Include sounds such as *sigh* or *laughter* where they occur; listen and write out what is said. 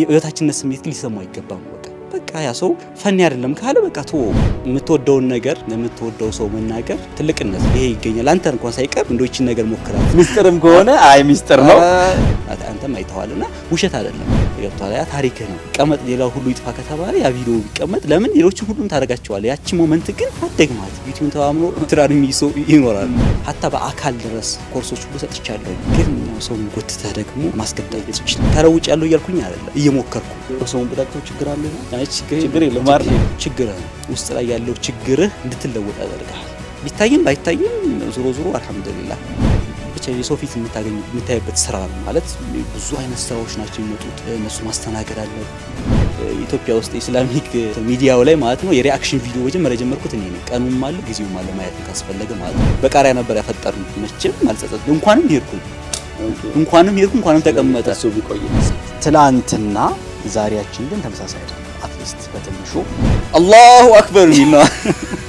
የበታችነት ስሜት ሊሰማው አይገባም። በቃ በቃ ያ ሰው ፈኒ አይደለም ካለ በቃ ቶ የምትወደውን ነገር ለምትወደው ሰው መናገር ትልቅነት ይሄ ይገኛል። አንተ እንኳን ሳይቀር እንዶችን ነገር ሞክራል። ሚስጥርም ከሆነ አይ ሚስጥር ነው አንተም አይተዋልና ውሸት አይደለም። ገብቷል። ያ ታሪክህ ነው። ቀመጥ ሌላው ሁሉ ይጥፋ ከተባለ ያ ቪዲዮ ቢቀመጥ ለምን ሌሎች ሁሉም ታደርጋቸዋል። ያቺ ሞመንት ግን አደግማት ዩቲዩብ ተማምኖ ትራን የሚይዘው ይኖራል። ሀታ በአካል ድረስ ኮርሶች ሁሉ ሰጥቻለሁ። ግን ሰውን ጎትተ ደግሞ ማስገዳጅ ቤቶች ተረውጭ ያለው እያልኩኝ አይደለም፣ እየሞከርኩ ሰውን በጣቅቶ ችግር አለ ችግር የለም ችግር ውስጥ ላይ ያለው ችግርህ እንድትለወጥ ያደርግሃል። ቢታይም ባይታይም ዞሮ ዞሮ አልሐምዱሊላህ ብቻ የሰው ፊት የምታይበት ስራ ነው ማለት። ብዙ አይነት ስራዎች ናቸው የሚመጡት፣ እነሱ ማስተናገድ አለ። ኢትዮጵያ ውስጥ ኢስላሚክ ሚዲያው ላይ ማለት ነው የሪአክሽን ቪዲዮ መጀመሪያ የጀመርኩት እኔ ነኝ። ቀኑም አለ ጊዜውም አለ ማየት ካስፈለገ ማለት ነው። በቃሪያ ነበር ያፈጠር መቼም አልጸጸት። እንኳንም ሄድኩ እንኳንም ሄድኩ እንኳንም ተቀመጠ ሰው ቢቆይ ትላንትና ዛሬያችን ግን ተመሳሳይ አትሊስት በትንሹ አላሁ አክበር ሚል ነው። *laughs*